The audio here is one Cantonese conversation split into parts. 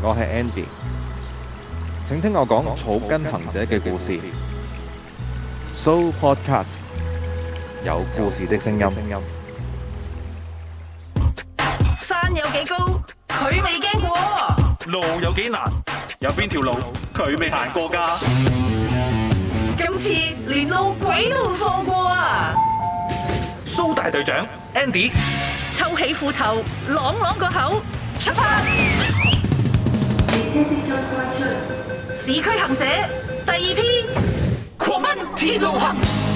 我係 Andy，請聽我講草根行者嘅故事。So Podcast 有故事的聲音。山有幾高，佢未驚過；路有幾難，有邊條路佢未行過㗎。今次連路鬼都唔放過啊！蘇大隊長 Andy，抽起褲頭，朗朗個口出發。市區行者第二批狂奔鐵路行。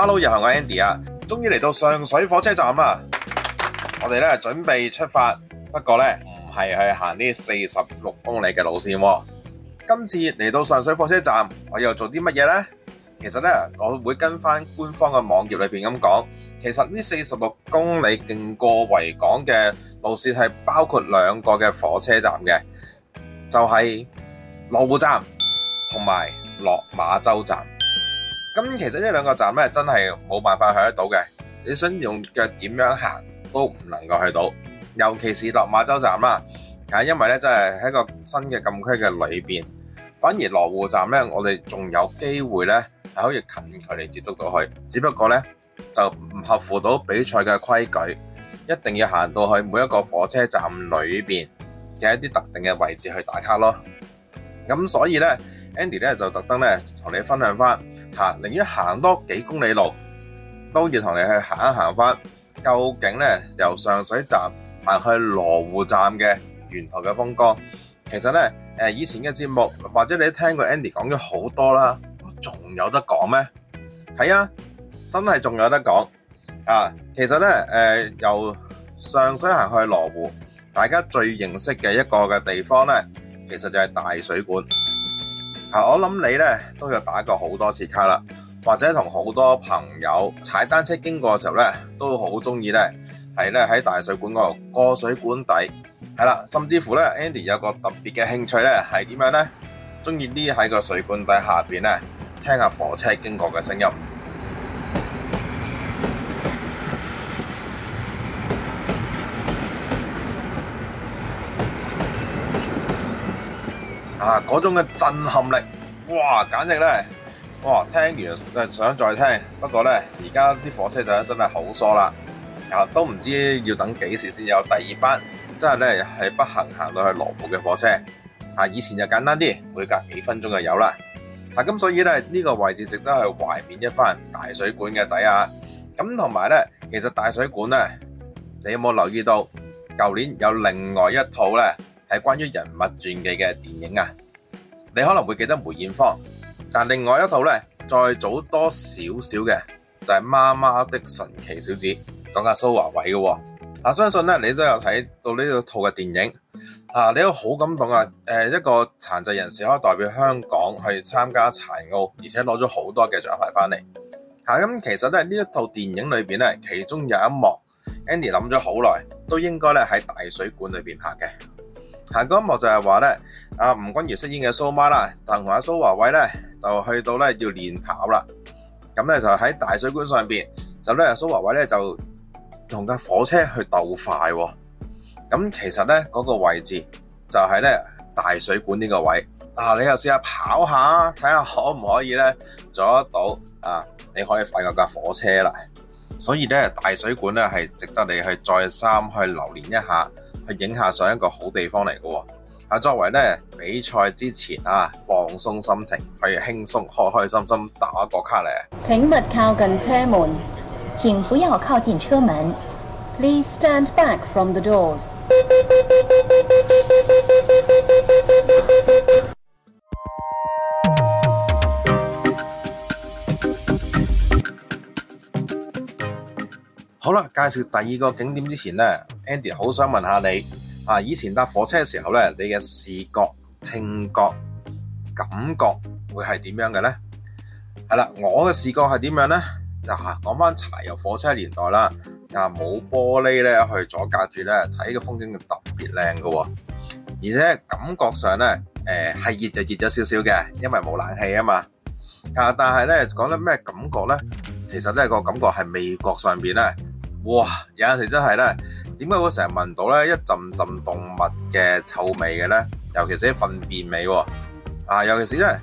Hello，又係我 Andy 啊！終於嚟到上水火車站啊。我哋咧準備出發，不過咧唔係去行呢四十六公里嘅路線。今次嚟到上水火車站，我又做啲乜嘢呢？其實呢，我會跟翻官方嘅網頁裏邊咁講。其實呢四十六公里勁過維港嘅路線係包括兩個嘅火車站嘅，就係羅湖站同埋落馬洲站。咁其實呢兩個站咧真係冇辦法去得到嘅，你想用腳點樣行都唔能夠去到，尤其是落馬洲站啦、啊，係因為咧真係喺個新嘅禁區嘅裏邊，反而羅湖站咧我哋仲有機會咧係可以近距離接觸到佢，只不過咧就唔合乎到比賽嘅規矩，一定要行到去每一個火車站裏邊嘅一啲特定嘅位置去打卡咯。咁所以咧，Andy 咧就特登咧同你分享翻，吓，寧願行多幾公里路，都要同你去行一行翻。究竟咧由上水站行去羅湖站嘅沿途嘅風光，其實咧誒，以前嘅節目或者你都聽過 Andy 講咗好多啦，仲有得講咩？係啊，真係仲有得講啊！其實咧誒，由上水行去羅湖，大家最認識嘅一個嘅地方咧。其實就係大水管，啊、嗯，我諗你咧都有打過好多次卡啦，或者同好多朋友踩單車經過嘅時候呢，都好中意呢。係呢，喺大水管嗰度過水管底，係啦，甚至乎呢 Andy 有個特別嘅興趣呢，係點樣呢？中意匿喺個水管底下邊呢，聽下火車經過嘅聲音。嗰、啊、種嘅震撼力，哇，簡直咧，哇，聽完就想再聽。不過咧，而家啲火車就真係好疏啦，啊，都唔知要等幾時先有第二班。即係咧，喺北行行到去羅湖嘅火車，啊，以前就簡單啲，每隔幾分鐘就有啦。啊，咁所以咧呢，呢個位置值得去懷緬一番。大水管嘅底下，咁同埋咧，其實大水管咧，你有冇留意到？舊年有另外一套咧。係關於人物傳記嘅電影啊！你可能會記得梅艷芳，但另外一套咧再早多少少嘅就係、是《媽媽的神奇小子》，講緊蘇華偉嘅。嗱，相信咧你都有睇到呢套嘅電影，啊，你都好感動啊！誒，一個殘疾人士可以代表香港去參加殘奧，而且攞咗好多嘅獎牌翻嚟。吓、啊，咁其實咧呢一套電影裏邊咧，其中有一幕 Andy 諗咗好耐，都應該咧喺大水管裏邊拍嘅。行嗰幕就係話咧，阿吳君如飾演嘅蘇媽啦，同阿蘇華偉咧就去到咧要連跑啦。咁咧就喺大水管上邊，就咧蘇華偉咧就同架火車去鬥快喎。咁其實咧嗰、那個位置就係咧大水管呢個位。啊，你又試下跑下，睇下可唔可以咧做得到啊？你可以快過架火車啦。所以咧大水管咧係值得你去再三去留連一下。去影下相一個好地方嚟嘅，啊作為呢，比賽之前啊放鬆心情，去輕鬆開開心心打一個卡嚟。請勿靠近車門，請不要靠近車門。Please stand back from the doors. 介紹第二個景點之前咧，Andy 好想問下你，啊，以前搭火車嘅時候咧，你嘅視覺、聽覺、感覺會係點樣嘅咧？係啦，我嘅視覺係點樣咧？嗱，講翻柴油火車年代啦，嗱，冇玻璃咧去阻隔住咧，睇個風景特別靚噶，而且感覺上咧，誒係熱就熱咗少少嘅，因為冇冷氣啊嘛。啊，但係咧，講緊咩感覺咧？其實咧，個感覺係味覺上邊咧。哇！有陣時真係咧，點解會成日聞到咧一陣陣動物嘅臭味嘅咧？尤其是啲糞便味喎、啊！啊，尤其是咧，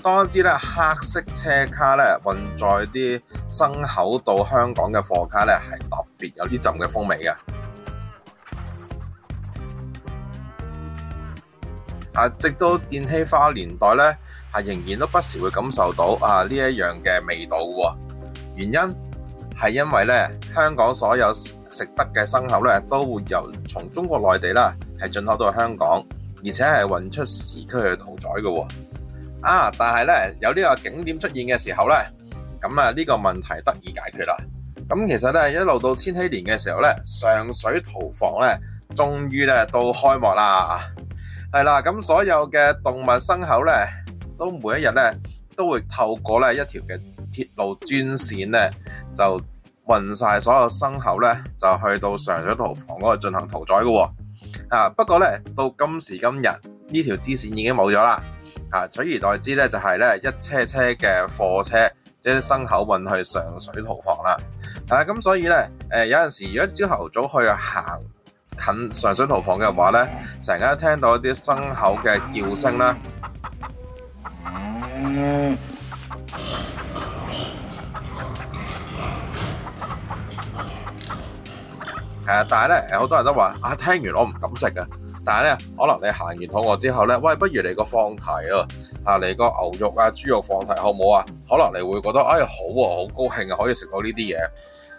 當啲咧黑色車卡咧運載啲牲口到香港嘅貨卡咧，係特別有啲陣嘅風味嘅。啊，直到電氣化年代咧，係、啊、仍然都不時會感受到啊呢一、啊、樣嘅味道喎、啊。原因？係因為咧，香港所有食、食得嘅牲口咧，都會由從中國內地啦，係進口到香港，而且係運出市區去屠宰嘅、啊。啊！但係咧，有呢個景點出現嘅時候咧，咁啊呢個問題得以解決啦。咁其實咧，一路到千禧年嘅時候咧，上水屠房咧，終於咧都開幕啦。係啦，咁所有嘅動物牲口咧，都每一日咧，都會透過咧一條嘅。鐵路專線咧，就運晒所有牲口咧，就去到上水屠房嗰度進行屠宰噶。啊，不過咧，到今時今日呢條支線已經冇咗啦。啊，取而代之咧，就係咧一車車嘅貨車，即啲牲口運去上水屠房啦。啊，咁所以咧，誒有陣時如果朝頭早去行近上水屠房嘅話咧，成日聽到一啲牲口嘅叫聲啦。嗯但係咧，好多人都話啊，聽完我唔敢食啊。但係咧，可能你行完肚餓之後咧，喂，不如嚟個放題咯，嚇、啊、嚟個牛肉啊、豬肉放題，好唔好啊？可能你會覺得，哎，好喎、啊，好高興啊，可以食到呢啲嘢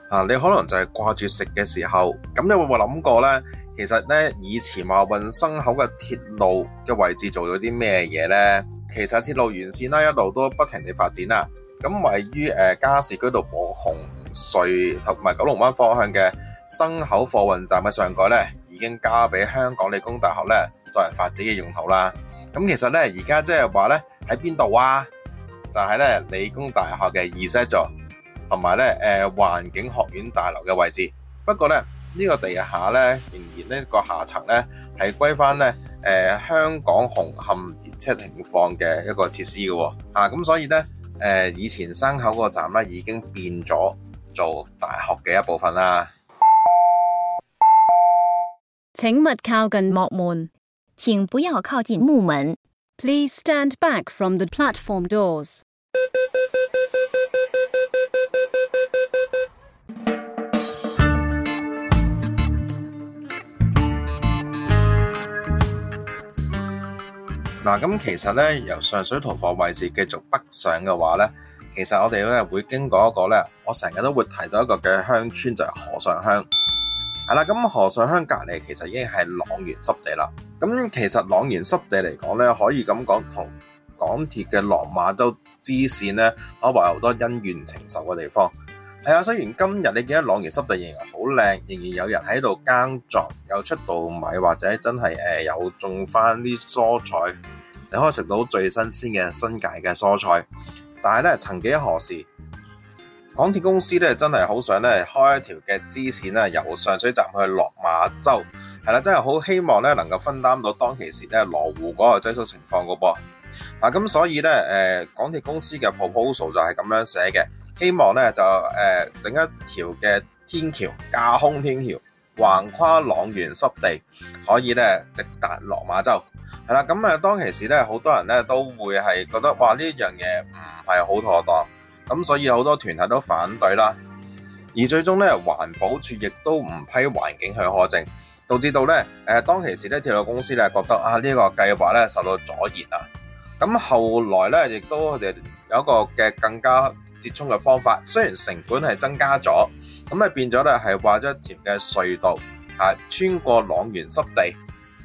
啊。你可能就係掛住食嘅時候，咁你會唔會諗過咧？其實咧，以前啊，運牲口嘅鐵路嘅位置做咗啲咩嘢咧？其實鐵路沿線啦，一路都不停地發展啦，咁位於誒加士居道往紅隧同埋九龍灣方向嘅牲口貨運站嘅上蓋咧，已經交俾香港理工大學咧作為發展嘅用途啦。咁其實咧，而家即係話咧喺邊度啊？就係、是、咧理工大學嘅 Z 座同埋咧誒環境學院大樓嘅位置。不過咧呢、這個地下咧仍然呢個下層咧係歸翻咧誒香港紅磡列車停放嘅一個設施嘅吓咁，啊、所以咧誒、呃、以前牲口嗰個站咧已經變咗做大學嘅一部分啦。請勿靠近木門，請不要靠近木門。Please stand back from the platform doors。嗱，咁其實咧，由上水屠房位置繼續北上嘅話咧，其實我哋咧會經過一個咧，我成日都會提到一個嘅鄉村就係河上鄉。係啦，咁河上鄉隔離其實已經係塱原濕地啦。咁其實塱原濕地嚟講咧，可以咁講同港鐵嘅落馬洲支線咧，可謂有好多恩怨情仇嘅地方。係啊，雖然今日你見到塱原濕地仍然好靚，仍然有人喺度耕作，有出稻米或者真係有種翻啲蔬菜，你可以食到最新鮮嘅新界嘅蔬菜。但係咧，曾幾何時，港鐵公司咧，真係好想咧開一條嘅支線咧，由上水站去落馬洲，係啦，真係好希望咧能夠分擔到當其時咧羅湖嗰個擠塞情況個噃。嗱、啊，咁所以咧誒、呃，港鐵公司嘅 proposal 就係咁樣寫嘅，希望咧就誒、呃、整一條嘅天橋架空天橋，橫跨塱原濕地，可以咧直達落馬洲。係啦，咁、嗯、誒當其時咧，好多人咧都會係覺得哇，呢樣嘢唔係好妥當。咁所以好多團體都反對啦，而最終咧，環保署亦都唔批環境許可證，導致到咧誒當其時咧，鐵路公司咧覺得啊呢個計劃咧受到阻延啊。咁後來咧，亦都佢哋有一個嘅更加折衷嘅方法，雖然成本係增加咗，咁啊變咗咧係挖咗一條嘅隧道、啊、穿過塱原濕地，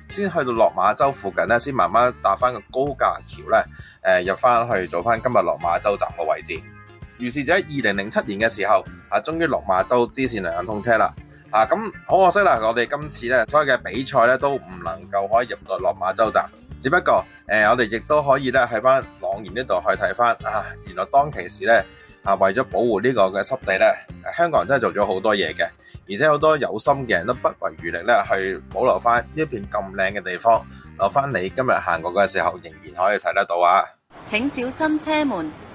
先去到落馬洲附近咧，先慢慢搭翻個高架橋咧，入、呃、翻去做翻今日落馬洲站嘅位置。於是就喺二零零七年嘅時候，啊，終於落馬洲支線嚟通車啦！啊，咁好可惜啦，我哋今次咧所有嘅比賽咧都唔能夠可以入到落馬洲站，只不過，誒、呃，我哋亦都可以咧喺翻朗賢呢度去睇翻啊！原來當其時咧，啊，為咗保護呢個嘅濕地咧，香港人真係做咗好多嘢嘅，而且好多有心嘅人都不遺餘力咧去保留翻呢一片咁靚嘅地方，留翻你今日行過嘅時候仍然可以睇得到啊！請小心車門。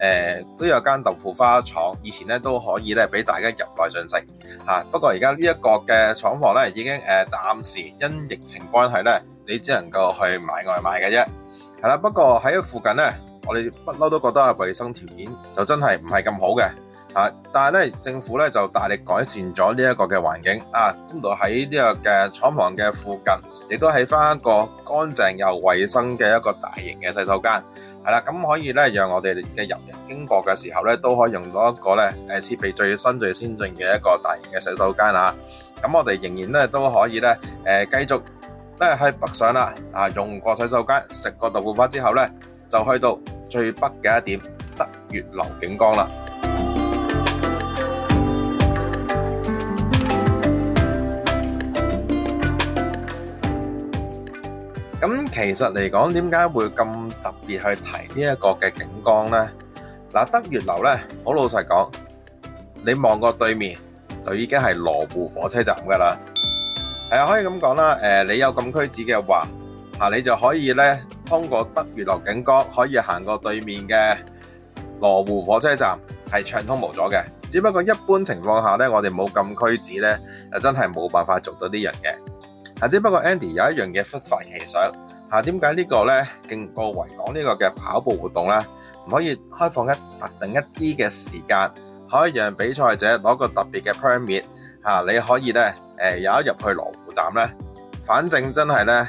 誒，都有間豆腐花廠，以前咧都可以咧俾大家入內進食吓，不過而家呢一個嘅廠房咧已經誒暫時因疫情關係咧，你只能夠去買外賣嘅啫，係啦。不過喺附近咧，我哋不嬲都覺得係衛生條件就真係唔係咁好嘅。啊！但係咧，政府咧就大力改善咗呢一個嘅環境啊！呢度喺呢個嘅廠房嘅附近，亦都起翻一個乾淨又衛生嘅一個大型嘅洗手間，係啦，咁可以咧讓我哋嘅遊人經過嘅時候咧，都可以用到一個咧誒設備最新最先進嘅一個大型嘅洗手間啦。咁我哋仍然咧都可以咧誒繼續咧去北上啦！啊，用過洗手間、食過豆腐花之後咧，就去到最北嘅一點得月樓警崗啦。其實嚟講，點解會咁特別去提呢一個嘅景光咧？嗱，德月樓咧，好老實講，你望過對面就已經係羅湖火車站噶啦，係啊，可以咁講啦。誒，你有禁區紙嘅話，吓你就可以咧，通過德月樓景光可以行過對面嘅羅湖火車站，係暢通無阻嘅。只不過一般情況下咧，我哋冇禁區紙咧，就真係冇辦法做到呢樣嘅吓。只不過 Andy 有一樣嘢忽發奇想。點解，啊、呢個咧經過維港呢個嘅跑步活動咧唔可以開放一特定一啲嘅時間，可以讓比賽者攞個特別嘅 permit，啊、你可以咧有一入去羅湖站咧，反正真係咧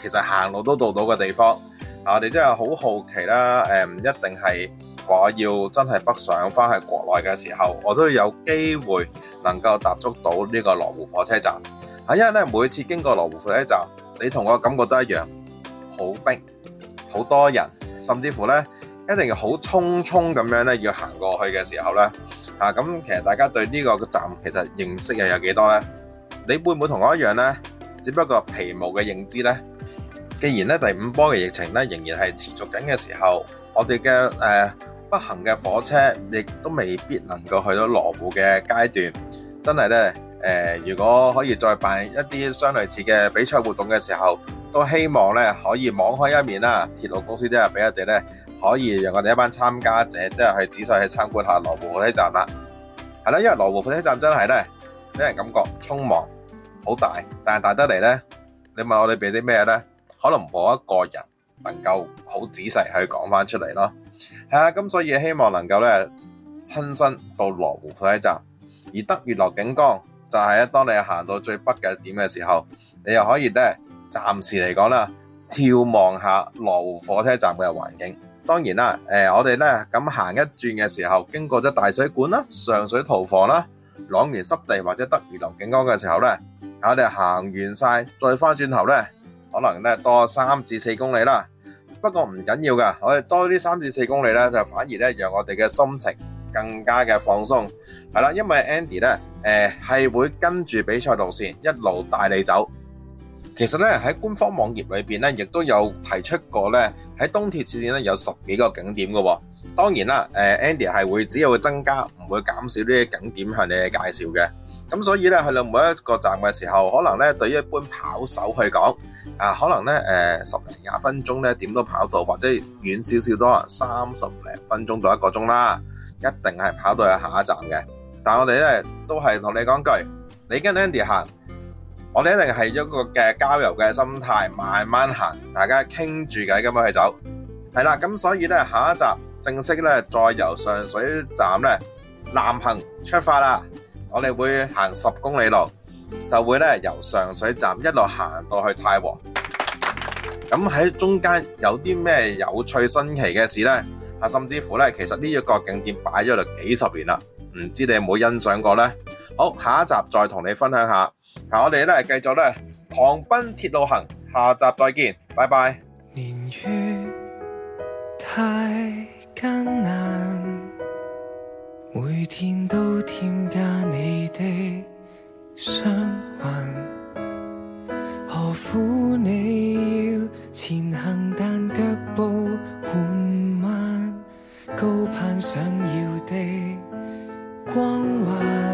其實行路都到到嘅地方。啊、我哋真係好好奇啦，誒，唔、嗯、一定係話要真係北上翻去國內嘅時候，我都有機會能夠踏足到呢個羅湖火車站嚇，啊，因為咧每次經過羅湖火車站，你同我感覺都一樣。好逼，好多人，甚至乎呢，一定要好匆匆咁樣呢，要行過去嘅時候呢。啊，咁，其實大家對呢個站其實認識又有幾多呢？你會唔會同我一樣呢？只不過皮毛嘅認知呢。既然呢，第五波嘅疫情呢，仍然係持續緊嘅時候，我哋嘅誒，北行嘅火車亦都未必能夠去到羅湖嘅階段。真係呢，誒、呃，如果可以再辦一啲相類似嘅比賽活動嘅時候。都希望咧可以網開一面啦，鐵路公司都係俾我哋咧，可以讓我哋一班參加者即係去仔細去參觀下羅湖火車站啦。係啦，因為羅湖火車站真係咧，俾人感覺匆忙，好大，但係大得嚟咧，你問我哋俾啲咩咧，可能冇一個人能夠好仔細去講翻出嚟咯。係啊，咁所以希望能夠咧親身到羅湖火車站，而得月樓警崗就係咧，當你行到最北嘅點嘅時候，你又可以咧。暫時嚟講啦，眺望下羅湖火車站嘅環境。當然啦，誒，我哋咧咁行一轉嘅時候，經過咗大水管啦、上水屠房啦、塱原濕地或者德賢樓景觀嘅時候咧，我哋行完晒，再翻轉頭咧，可能咧多三至四公里啦。不過唔緊要噶，我哋多啲三至四公里咧，就反而咧讓我哋嘅心情更加嘅放鬆。係啦，因為 Andy 咧，誒係會跟住比賽路線一路帶你走。其實咧，喺官方網頁裏邊咧，亦都有提出過咧喺東鐵線線咧有十幾個景點嘅。當然啦，誒 Andy 係會只有會增加，唔會減少呢啲景點向你介紹嘅。咁所以咧去到每一個站嘅時候，可能咧對於一般跑手去講，啊可能咧誒十零廿分鐘咧點都跑到，或者遠少少都三十零分鐘到一個鐘啦，一定係跑到去下一站嘅。但係我哋咧都係同你講句，你跟 Andy 行。我哋一定係一個嘅郊遊嘅心態，慢慢行，大家傾住偈咁樣去走，係啦。咁所以呢，下一集正式呢，再由上水站呢南行出發啦。我哋會行十公里路，就會呢由上水站一路行到去太和。咁喺中間有啲咩有趣新奇嘅事呢？啊，甚至乎呢，其實呢一個景點擺咗度幾十年啦，唔知你有冇欣賞過呢？好，下一集再同你分享下。嗱，我哋咧繼續咧狂奔鐵路行，下集再見，拜拜。年月太艱難，每天都添加你的傷患，何苦你要前行但腳步緩慢，高攀想要的光環。